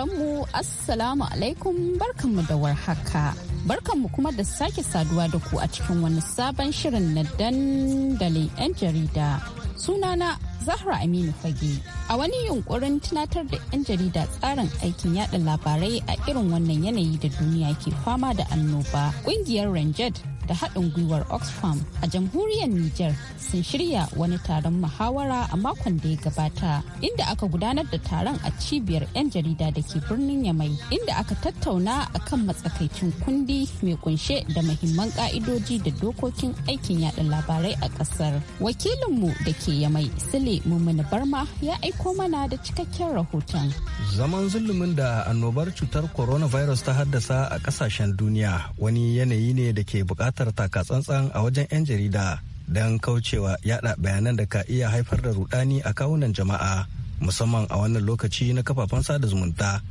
mu Assalamu alaikum barkanmu da warhaka. Barkanmu kuma da sake saduwa da ku a cikin wani sabon shirin na dandalin 'yan jarida. Sunana Zahra Aminu Fage. A wani yunkurin tunatar da 'yan jarida tsarin aikin yada labarai a irin wannan yanayi da duniya ke fama da annoba. ƙungiyar Ranjad da haɗin gwiwar Oxfam a jamhuriyar Nijar sun shirya wani taron muhawara a makon da ya gabata inda aka gudanar da taron a cibiyar 'yan jarida da ke birnin Yamai inda aka tattauna akan matsakaicin kundi mai kunshe da mahimman ka'idoji da dokokin aikin yada labarai a ƙasar. Wakilinmu da ke Yamai Sule Mumuni Barma ya aiko mana da cikakken rahoton. Zaman zulumin da annobar cutar coronavirus ta haddasa a ƙasashen duniya wani yanayi ne da ke buƙatar buƙatar tsantsan a wajen 'yan jarida don kaucewa yada bayanan da ka iya haifar da rudani a kawunan jama'a musamman a wannan lokaci na kafafen sada zumunta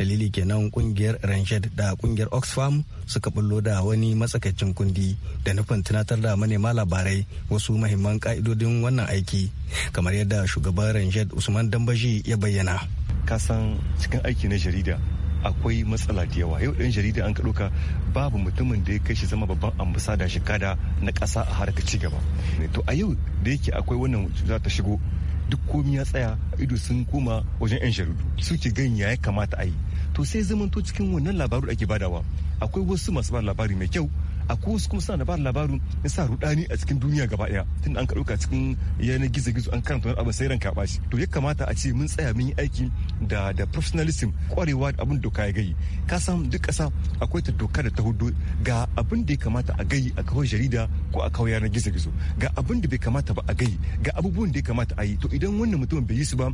dalili kenan kungiyar ranged da kungiyar oxfam suka bullo da wani matsakaicin kundi da nufin tunatar da manema labarai wasu mahimman ka'idodin wannan aiki kamar yadda shugaban ranged usman dambaji ya bayyana kasan cikin aiki na jarida akwai matsala da yawa yau ɗan jarida an ka babu mutumin da ya kai shi zama babban ambasada shekada na ƙasa a harkar cigaba to a yau da yake akwai wannan za ta shigo duk komi ya tsaya ido sun koma wajen 'yan jaridu suke gan ya kamata a yi to sai zamanto cikin wannan labaru da ake badawa akwai wasu masu ba labari mai kyau akwai kuma suna da bada labaru na sa rudani a cikin duniya gaba daya tun an kaɗauka cikin yanar gizo gizo an karanta abin sai ranka bashi to ya kamata a ce mun tsaya mun yi aiki da da professionalism kwarewa da abin doka ya gayi ka san duk kasa akwai ta doka da ta hudu ga abin da ya kamata a gayi a kawai jarida ko a kawai yanar gizo gizo ga abin da bai kamata ba a gayi ga abubuwan da ya kamata a yi to idan wannan mutum bai yi su ba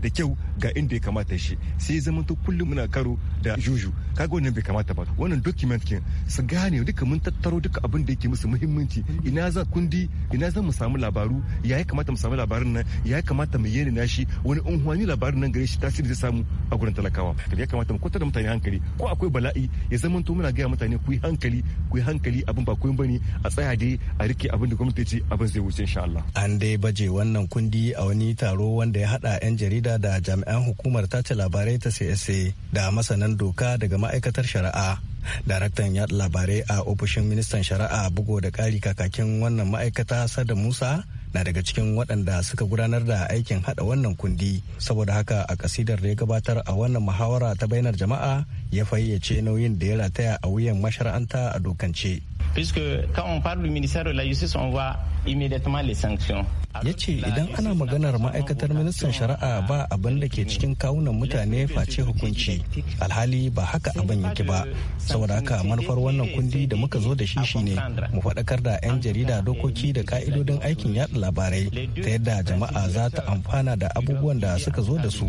da kyau ga inda ya kamata shi sai zama kullum muna karo da juju kaga wannan bai kamata ba wannan document kin su gane duka mun tattaro duka abin da yake musu muhimmanci ina za kundi ina za mu samu labaru ya ya kamata mu samu labarin nan ya ya kamata mu yi na shi wani unhuwani labarin nan gare shi tasiri zai samu a gurin talakawa ya kamata mu kwatar da mutane hankali ko akwai bala'i ya zama to muna gaya mutane ku yi hankali ku yi hankali abin ba koyon bane a tsaya dai a rike abin da gwamnati ce abin zai wuce insha Allah an dai baje wannan kundi a wani taro wanda ya hada yan jarida shaida da jami'an hukumar tace labarai ta CSA da masanan doka daga ma'aikatar shari'a. Daraktan yaɗa labarai a ofishin ministan shari'a bugo da ƙari kakakin wannan ma'aikata Sada Musa na daga cikin waɗanda suka gudanar da aikin haɗa wannan kundi saboda haka a kasidar da ya gabatar a wannan muhawara ta bainar jama'a ya fayyace nauyin da ya rataya a wuyan mashara'anta a dokance puisque quand on parle du ministère de la justice on voit immédiatement les sanctions ya ce idan ana maganar ma'aikatar ministan shari'a ba abin da ke cikin kawunan mutane face hukunci alhali ba haka abin yake ba saboda haka manufar wannan kundi da muka zo da shi shine mu faɗakar da 'yan jarida dokoki da ka'idodin aikin yada labarai ta yadda jama'a za ta amfana da abubuwan da suka zo da su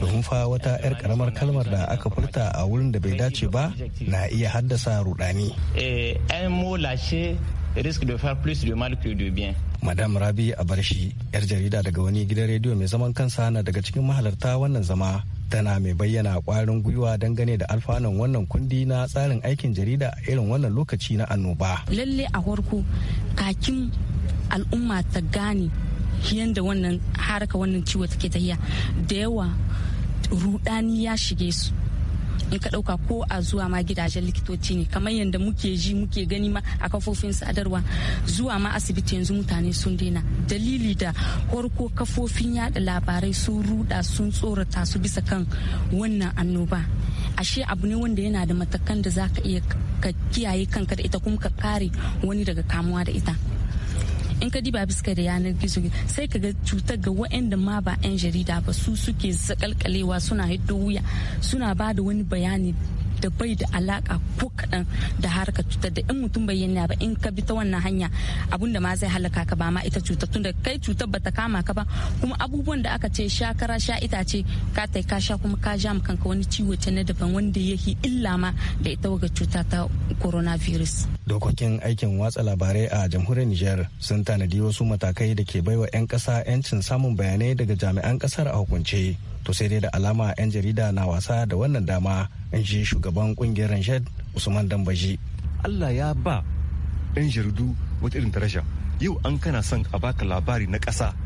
domin fa wata 'yar karamar kalmar da aka furta a wurin da bai dace ba na iya haddasa rudani eh, un mot lâché risque de faire plus de mal que de bien. Madam Rabi Abarshi, 'yar jarida daga wani gidan rediyo mai zaman kansa na daga cikin mahalarta wannan zama tana mai bayyana kwarin gwiwa dangane da alfanun wannan kundi na tsarin aikin jarida a irin wannan lokaci na annoba. Lalle a farko kakin al'umma ta gane yadda wannan haraka wannan ciwo take tahiya da yawa rudani ya shige su in ka ɗauka ko a zuwa ma gidajen likitoci ne kamar yadda muke ji muke gani ma a kafofin sadarwa zuwa ma asibiti yanzu mutane sun daina dalili da farko kafofin yada labarai sun ruda sun tsorata su bisa kan wannan annoba ashe abu ne wanda yana da matakan da za ka iya ka kiyaye kanka da ita kuma ka kare wani daga kamuwa da ita in ka diba bisa da yanar gizo sai ka ga cutar ga waɗanda ma ba 'yan jarida ba su suke zakalkalewa suna hiddo wuya suna ba da wani bayani da bai da alaka ko kaɗan da harkar cutar da in mutum bai yana ba in ka bi ta wannan hanya abun da ma zai halaka ka ba ma ita cutar tunda kai cutar bata kama ka ba kuma abubuwan da aka ce sha kara sha itace ka tai ka sha kuma ka ja kanka wani ciwo ta na daban wanda ya yi illa ma da ita waga cuta ta coronavirus. Dokokin aikin watsa labarai a jamhuriyar Nijar sun tanadi wasu matakai da ke baiwa 'yan kasa 'yancin samun bayanai daga jami'an kasar a hukunce. to sai dai da alama 'yan jarida na wasa da wannan dama in ji shugaban kungiyar ranshed usman dambaji allah ya ba 'yan jaridu wata irin tarasha yau an kana son a baka labari na ƙasa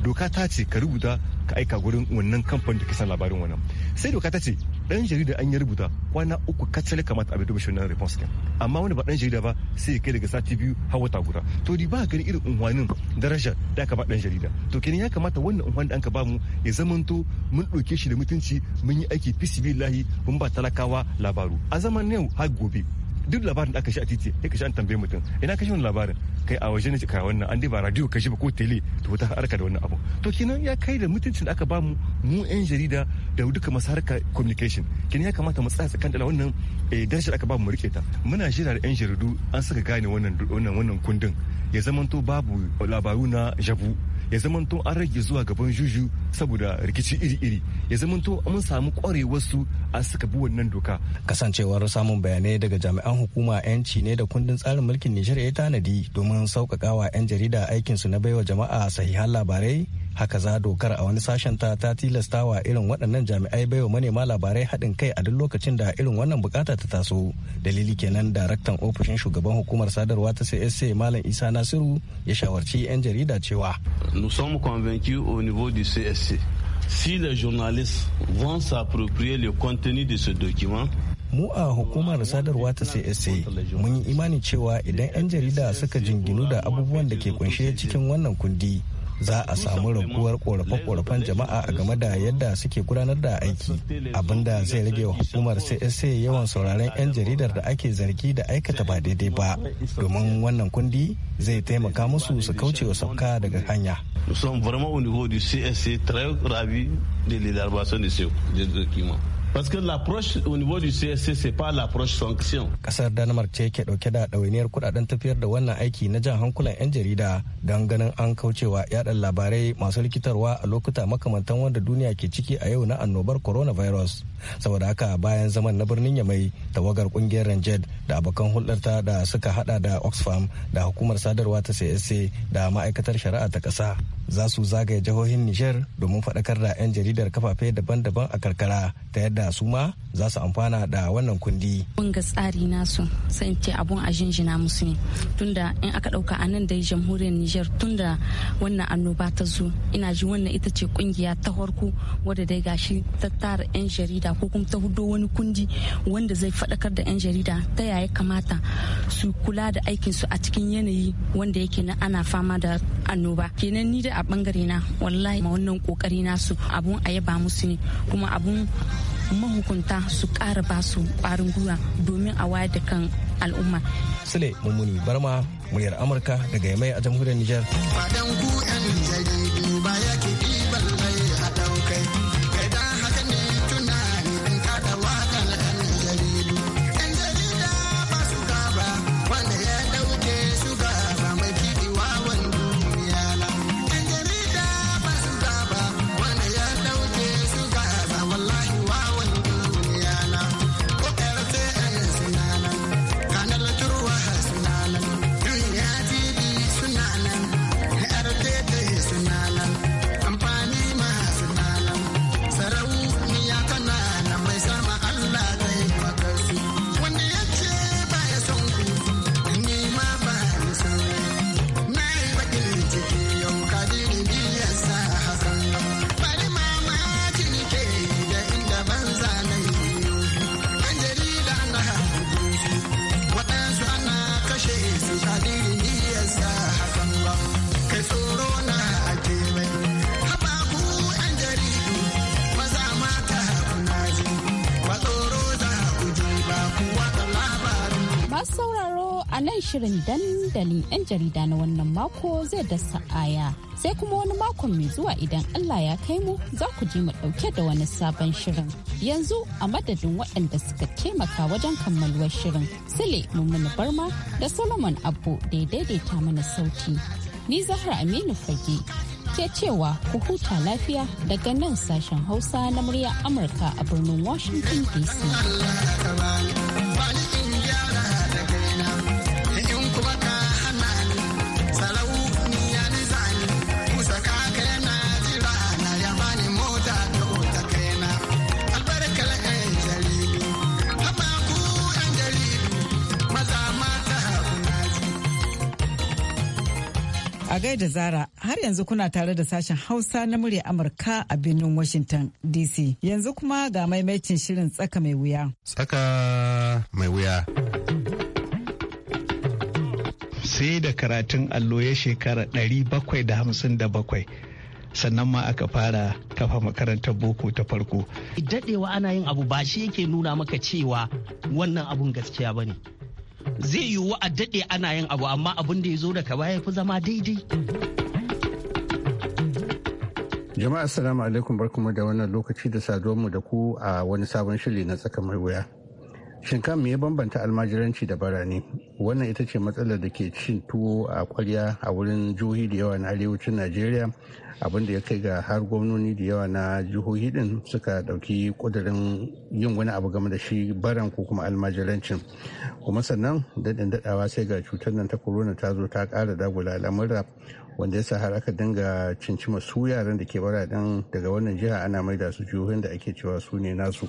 doka ta ce ka rubuta ka aika gurin wannan kamfanin da ke san labarin wannan sai doka ta ce dan jarida an ya rubuta kwana uku kacal kamata a bai duba shirin response amma wani ba dan jarida ba sai ya kai daga sati biyu har wata guda to di ba gani irin unhwanin daraja da aka ba dan jarida to kenan ya kamata wannan unhwanin da aka ba mu ya zamanto mun ɗauke shi da mutunci mun yi aiki fisibillahi mun ba talakawa labaru a zaman yau har gobe duk labarin da aka shi a titi sai ka shi an tambaye mutum ina ka shi wani labarin kai a waje ne ka wannan an dai ba radio ka shi ba ko tele to ta harka da wannan abu to kina ya kai da mutuncin da aka bamu mu mu yan jarida da duka masu harka communication kina ya kamata mu tsaya tsakanin wannan eh, darashar aka ba mu rike ta muna shirya da yan jaridu an saka gane wannan wannan wannan kundin ya zamanto babu labaru na jabu ya to an rage zuwa gaban juju saboda rikici iri-iri ya to mun samu kwarewar su a suka bi wannan doka kasancewar samun bayanai daga jami'an hukuma yanci ne da kundin tsarin mulkin nijar ya tanadi domin sauƙaƙawa 'yan jarida aikinsu na baiwa jama'a sahihan labarai haka za dokar a wani sashen ta ta tilastawa irin waɗannan jami'ai baiwa manema labarai haɗin kai a duk lokacin da irin wannan bukata ta taso dalili kenan daraktan ofishin shugaban hukumar sadarwa ta csc malam isa nasiru ya shawarci 'yan jarida cewa nous sommes convaincus au niveau du csc si les journalistes vont s'approprier le contenu de ce document mu a hukumar sadarwa ta csc mun yi imani cewa idan 'yan jarida suka jinginu da abubuwan da ke kunshe cikin wannan kundi za a samu raguwar korafe-korafen jama'a a game da yadda suke gudanar da aiki abin da zai rage wa hukumar csa yawan sauraren 'yan jaridar da ake zargi da aikata ba daidai ba domin wannan kundi zai taimaka musu su kauce wa sauka daga hanya Nous sommes vraiment au niveau du CSC très ravis de l'élaboration de ce document. Parce que l'approche au niveau du CSC, c'est pas l'approche sanction. Kasar Danmark ce ke dauke da dawainiyar kudaden tafiyar da wannan aiki na jan hankulan 'yan jarida don ganin an kaucewa yadan labarai masu likitarwa a lokuta makamantan wanda duniya ke ciki a yau na annobar coronavirus. saboda haka bayan zaman na birnin ya mai tawagar kungiyar ranger da abokan hulɗarta da suka hada da oxfam da hukumar sadarwa ta csa da ma'aikatar shari'a ta ƙasa za su zagaye jihohin niger domin faɗakar da 'yan jaridar kafafe daban-daban a karkara ta yadda su ma za su amfana da wannan kundi. Mun ga tsari nasu sai ce abun a jinjina musu ne tunda in aka ɗauka a nan dai jamhuriyar niger tunda wannan annoba ta zo ina ji wannan ita ce kungiya ta farko wadda dai gashi ta tara 'yan jarida jarida ko kuma ta hudo wani kundi wanda zai faɗakar da 'yan jarida ta yaya kamata su kula da aikinsu a cikin yanayi wanda yake na ana fama da annoba kenan ni da a bangare na wallahi ma wannan kokari su abun a yaba musu ne kuma abun mahukunta su ƙara ba su ƙwarin gwiwa domin a wayar da kan al'umma. Sule Mummuni Barma, muryar Amurka daga Yamai a jamhuriyar Nijar. shirin dandalin 'yan jarida na wannan mako zai dasa aya. Sai kuma wani mako mai zuwa idan Allah ya kai mu za ku ji mu ɗauke da wani sabon shirin. Yanzu a madadin waɗanda suka taimaka wajen kammaluwar shirin. Sule mummuna Barma da Solomon Abbo da ya daidaita mana sauti. Ni Zahra Aminu Fage ke cewa ku huta lafiya daga nan sashen Hausa na muryar Amurka a birnin Washington DC. da Zara har yanzu kuna tare da sashen Hausa na murya Amurka a birnin Washington DC. Yanzu kuma ga maimacin shirin tsaka mai wuya. Tsaka mai wuya. Sai da karatun allo ya shekara 757. sannan ma aka fara kafa makarantar boko ta farko. Daɗewa ana yin abu ba shi yake nuna maka cewa wannan abun gaskiya ba ne. zai yiwu a daɗe ana yin abu amma abin da ya zo daga baya fi zama daidai jama'a assalamu alaikum barkamu da wannan lokaci da saduwar mu da ku a wani sabon shiri na tsakamar wuya shin me ya bambanta almajiranci da barani wannan ita ce matsalar da ke cin tuwo a kwarya a wurin jihohi da yawa na arewacin najeriya abinda ya kai ga har gwamnoni da yawa na jihohi din suka dauki kudurin yin wani abu game da shi baran ko kuma almajiranci kuma sannan daɗin daɗawa sai ga cutar nan ta corona ta zo ta ƙara dagula al'amura wanda ya sa har aka dinga cincima su yaran da ke baraɗin daga wannan jiha ana mai da su jihohin da ake cewa su ne nasu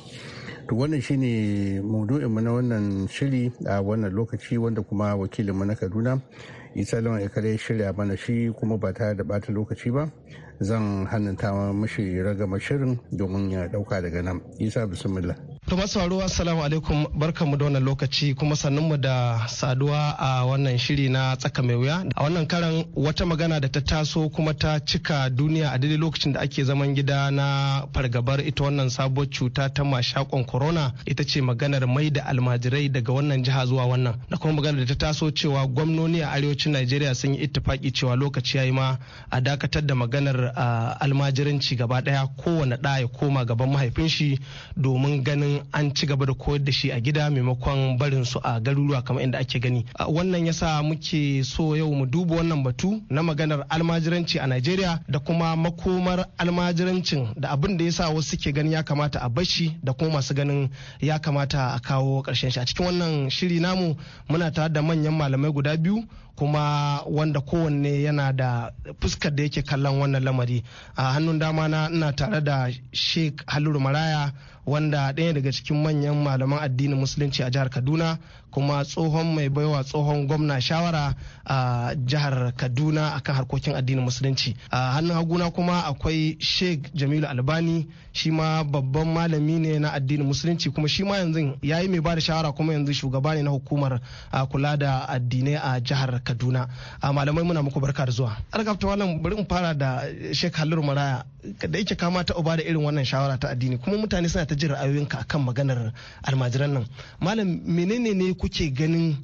to wannan shine mu na wannan shiri a wannan lokaci wanda kuma wakilinmu na kaduna isa lawan ya shirya mana shi kuma ba tare da bata lokaci ba zan hannunta mashi ragama shirin domin ya ɗauka daga nan isa bismillah To masu faruwa assalamu alaikum barkanmu da wannan lokaci kuma sannunmu da saduwa a wannan shiri na tsaka mai wuya. A wannan karan wata magana da ta taso kuma ta cika duniya a daidai lokacin da ake zaman gida na fargabar ita wannan sabuwar cuta ta mashakon corona ita ce maganar mai da almajirai daga wannan jiha zuwa wannan. Da kuma maganar da ta taso cewa gwamnoni a arewacin Najeriya sun yi ittifaki cewa lokaci yayi ma a dakatar da maganar ah, almajiranci gaba daya kowane ɗa ya koma gaban mahaifin shi domin ganin an ci gaba da koyar da shi a gida maimakon barin su a garuruwa kamar inda ake gani wannan yasa muke so yau mu duba wannan batu na maganar almajiranci a Najeriya da kuma makomar almajirancin da abin da yasa wasu ke ganin ya kamata a bashi da kuma masu ganin ya kamata a kawo karshen shi a cikin wannan shiri namu muna tare da manyan malamai guda biyu kuma wanda kowanne yana da fuskar da yake kallon wannan lamari a hannun dama na ina tare da sheik haluru maraya wanda ɗaya daga cikin manyan malaman addinin musulunci a jihar kaduna kuma tsohon mai baiwa tsohon gwamna shawara a jihar kaduna akan harkokin addinin musulunci a hannun haguna kuma akwai sheikh jamilu albani shi ma babban malami ne na addinin musulunci kuma shi ma yanzu ya yi mai ba da shawara kuma yanzu shugaba ne na hukumar kula da addinai a jihar kaduna a malamai muna muku barka da zuwa argabta wannan bari in fara da sheikh halilu maraya da yake kama ta uba da irin wannan shawara ta addini kuma mutane suna ta jin ra'ayoyinka akan maganar almajiran nan malam menene ne kuke ganin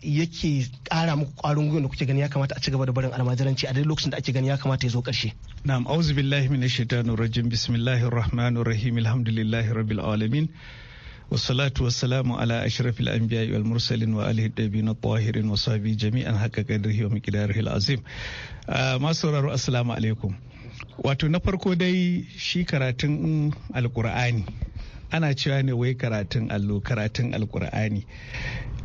yake kara muku kwarin gwiwa da kuke gani ya kamata a ci gaba da barin almajiranci a duk lokacin da ake gani ya kamata ya zo karshe na'am auzu billahi minash shaitanir rajim bismillahir rahmanir rahim alhamdulillahi rabbil alamin wasalatu wassalamu ala ashrafil anbiya wal mursalin wa alihi dabi tahirin wa sahbi jami'an haka kadrihi wa miqdarihi alazim azim masu sauraro assalamu alaikum wato na farko dai shi karatun alkur'ani ana cewa ne wai karatun allo karatun alkur'ani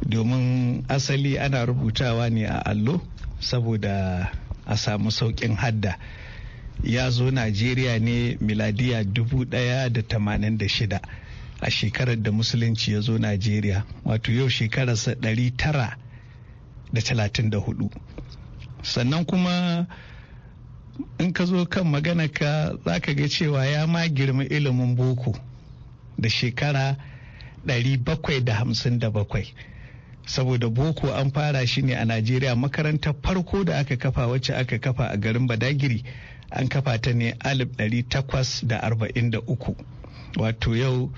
domin asali ana rubutawa ne a allo saboda a samu sauƙin hadda ya zo najeriya ne miladiya 1086 a shekarar da musulunci ya zo najeriya wato yau shekararsa 934 sannan kuma in ka zo kan magana ka za ka ga cewa ya ma girma ilimin boko da shekara 757 saboda boko an fara shi ne a najeriya makarantar farko da aka kafa wacce aka kafa a garin badagiri an kafa ta ne 843 wato yau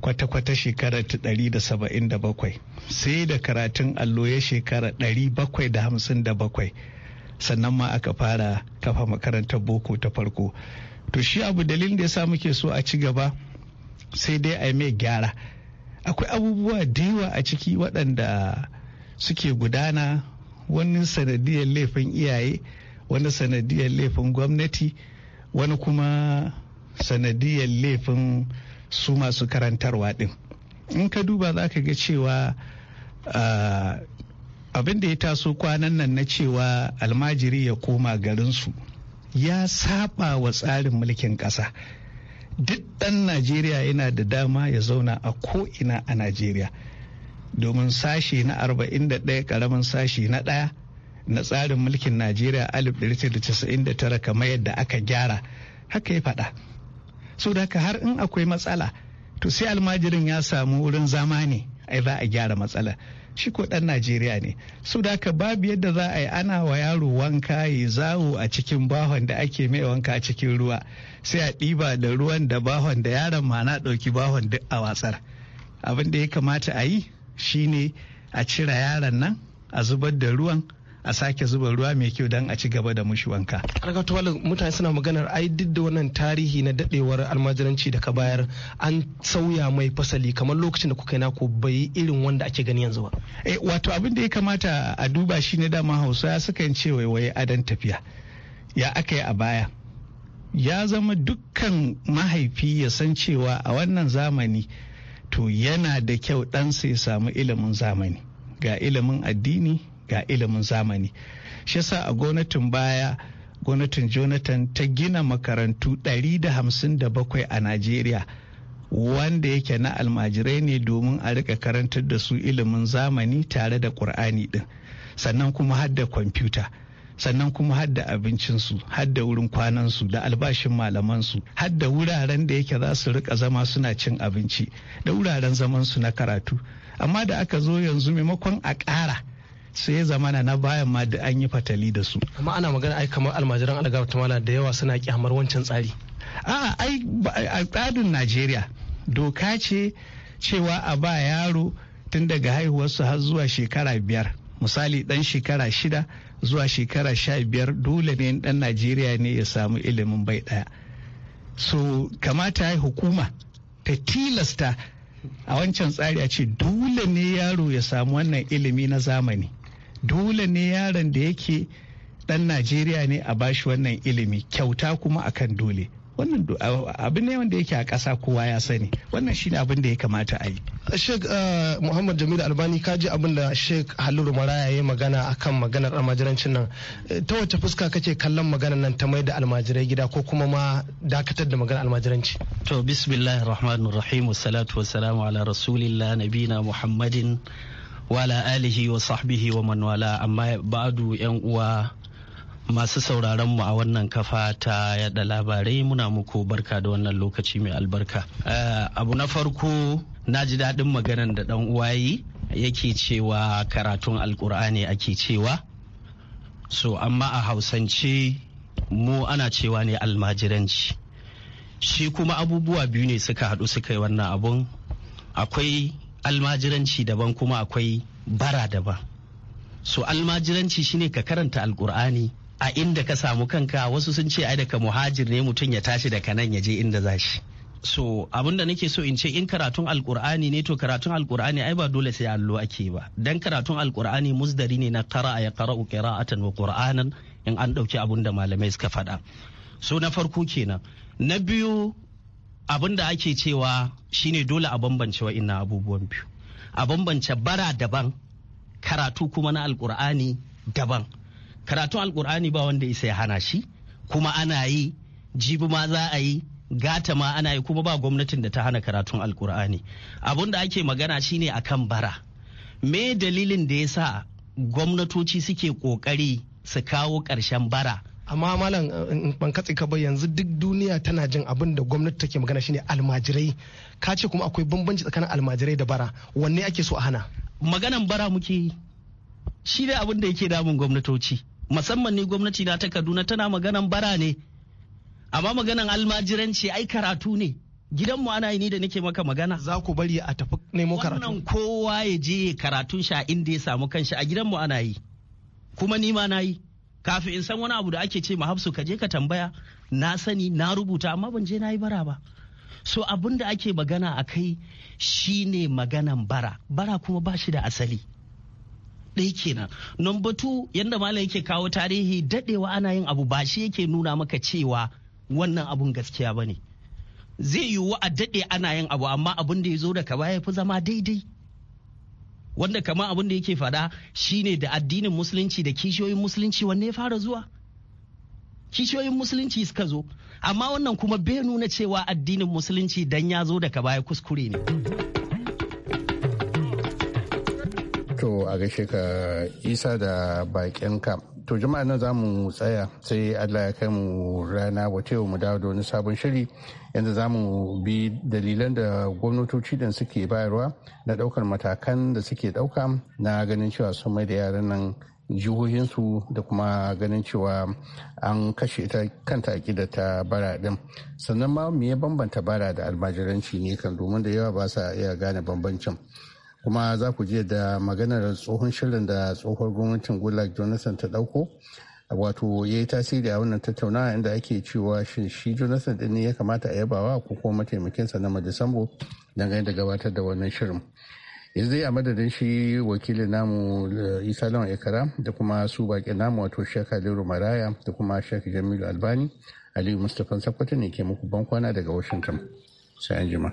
kwata-kwata shekarar ta 177 sai da karatun allo ya shekara 757 sannan ma aka fara kafa makarantar boko ta farko to shi abu dalilin da ya sa muke so a ci gaba sai dai a mai gyara akwai abubuwa da yawa a ciki waɗanda suke gudana wani sanadiyar laifin iyaye wani sanadiyar laifin gwamnati wani kuma sanadiyar laifin su masu karantarwa ɗin in ka duba za ka ga cewa ah, abin da ya taso kwanan nan na cewa almajiri ya koma garinsu ya saba wa tsarin mulkin ƙasa duk ɗan najeriya yana da dama ya zauna a ko'ina a najeriya domin sashe na 41 ƙaramin sashe na ɗaya na tsarin mulkin najeriya 1999 kamar yadda aka gyara haka ya faɗa so da har in akwai matsala to sai almajirin ya samu wurin zama ne ai za a gyara matsala shi ko dan najeriya ne su da ka babu yadda za a yi ana wa yaro wanka ya zawo a cikin bahon da ake mai wanka a cikin ruwa sai a ɗiba da ruwan da bahon da yaron ma na ɗauki bahon duk a watsar abin da ya kamata a yi shine a cire yaron nan a zubar da ruwan a sake zuba ruwa mai kyau don a ci gaba da mushi wanka. Alkatuwalin mutane suna maganar ai duk da wannan tarihi na daɗewar almajiranci da ka bayar an sauya mai fasali kamar lokacin da kuka yi nako bai irin wanda ake gani yanzu ba. E, wato abin da ya kamata a duba shi ne dama hausa ya yin ce waiwaye adan tafiya. Ya aka yi a baya. Ya zama dukkan mahaifi ya san cewa a wannan zamani to yana da kyau ɗansa ya samu ilimin zamani. Ga ilimin addini, ga ilimin zamani shi sa a gwamnatin baya gwamnatin jonathan ta gina makarantu 157 a najeriya wanda yake na almajirai ne domin a rika karantar da su ilimin zamani tare da ƙur'ani din sannan kuma har kwamfuta sannan kuma har da abincinsu har da wurin kwanansu da albashin malamansu har da wuraren da yake za su rika zama suna cin abinci da wuraren zamansu na karatu amma da aka zo yanzu maimakon a ƙara sai ya zamana na bayan ma da an yi fatali da su amma ana magana ai kamar almajiran algarwa tamala da yawa suna kyamar wancan tsari a ai a tsarin najeriya doka ce cewa a ba yaro tun daga haihuwarsu har zuwa shekara biyar misali dan shekara shida zuwa shekara sha biyar dole ne dan najeriya ne ya samu ilimin bai daya so kamata ya hukuma ta tilasta a wancan tsari a ce dole ne yaro ya samu wannan ilimi na zamani dole ne yaron da yake dan najeriya ne a bashi wannan ilimi kyauta kuma akan dole wannan abin ne wanda yake a kasa kowa ya sani wannan shine abin da ya kamata a yi sheik uh, muhammad jamilu albani ka abin da sheik halilu maraya ya magana akan maganar almajirancin nan eh, ta wace fuska kake kallon maganar nan ta mai da almajirai gida ko kuma ma dakatar da magana almajiranci to bismillahir rahmanir rahim wassalatu wassalamu ala rasulillah nabina muhammadin wala alihi wa sahbihi wa man wala amma badu yan uwa masu sauraron mu a wannan kafa ta yada labarai muna muku barka da wannan lokaci mai albarka eh, abu na farko na ji daɗin maganar da ɗan yi yake cewa karatun alkur'ani ake cewa so amma a hausance mu ana cewa ne almajiranci shi kuma abubuwa biyu ne suka haɗu suka yi wannan abun akwai almajiranci daban kuma akwai bara daban so almajiranci shine ka karanta alkur'ani a inda ka samu kanka wasu sun ce ai daga muhajir ne mutum ya tashi daga nan ya je inda za shi so abin da nake so in ce in karatun alkur'ani ne to karatun alkur'ani ai ba dole sai allo ake ba dan karatun alkur'ani musdari ne na qara'a ya qara'u qira'atan wa qur'anan in an ɗauki abun da malamai suka faɗa so na farko kenan na biyu abin da ake cewa shine dole a bambance wa'innan abubuwan biyu a bambance bara daban karatu kuma na alkur'ani daban karatun alkur'ani ba wanda isa ya hana shi kuma ana yi jibi ma za a yi gata ma ana yi kuma ba gwamnatin da ta hana karatun alkur'ani abun da ake magana shine akan bara me dalilin da ya sa gwamnatoci suke kokari su kawo karshen bara amma malam eh, ban katse ka ba yanzu duk duniya tana jin abin da gwamnati take magana shine almajirai ka ce kuma akwai bambanci tsakanin almajirai da bara wanne ake so a hana maganan bara muke yi shi ne abin da yake damun gwamnatoci musamman ne gwamnati na ta kaduna tana maganan bara ne amma maganan almajiranci ai karatu ne gidanmu ana yi ni da nake maka magana za ku bari a tafi nemo karatu wannan kowa ya je karatun sha inda ya samu kanshi a gidanmu ana yi kuma ni ma na yi kafin in san wani abu da ake ce ma hafsu ka je ka tambaya na sani na rubuta amma ban je na yi bara ba so abin da ake magana a kai shine maganan bara bara kuma ba shi da asali ɗaya kenan number two yadda malam yake kawo tarihi daɗewa ana yin abu ba shi yake nuna maka cewa wannan abun gaskiya ba ne zai yiwu a daɗe ana yin abu amma abin da ya zo daga baya ya fi zama daidai wanda kama abin da yake fada shine da addinin musulunci da kishiyoyin musulunci wanne ya fara zuwa kishiyoyin musulunci suka zo amma wannan kuma bai nuna cewa addinin musulunci dan ya zo daga baya kuskure ne to a ga ka isa da baƙin ka To jama'a nan za mu tsaya sai Allah ya kai mu rana wata yau mu dawo da wani sabon shiri yanzu za mu bi dalilan da gwamnatoci din suke bayarwa na daukar matakan da suke dauka na ganin cewa sun mai da yaran nan jihohinsu da kuma ganin cewa an kashe ta kanta akida ta bara din sannan ma me ya bambanta bara da almajiranci ne kan domin da yawa ba sa iya gane bambancin kuma za ku je da maganar tsohon shirin da tsohon gwamnatin goodluck jonathan ta dauko wato ya yi tasiri a wannan tattaunawa inda ake cewa shin shi jonathan din ne ya kamata a yabawa ko kuma mataimakinsa na don dangane da gabatar da wannan shirin yanzu a madadin shi wakilin namu eh, isa lawan ikara da kuma su baƙi namu wato shekha liru maraya da kuma shekha jamilu albani aliyu mustapha sakwata ne ke muku bankwana daga washington sai an jima.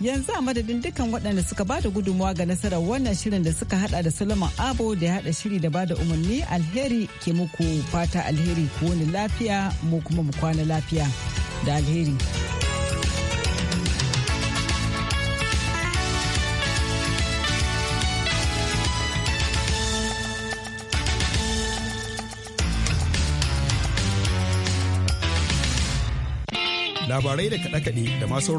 yanzu a madadin dukkan waɗanda suka ba da gudunmawa ga nasarar wannan shirin da suka hada da solomon abo da ya hada shiri da bada umarni alheri ke muku fata alheri ku wani lafiya mu kuma mu kwana lafiya da alheri labarai da kaɗe-kaɗe da masu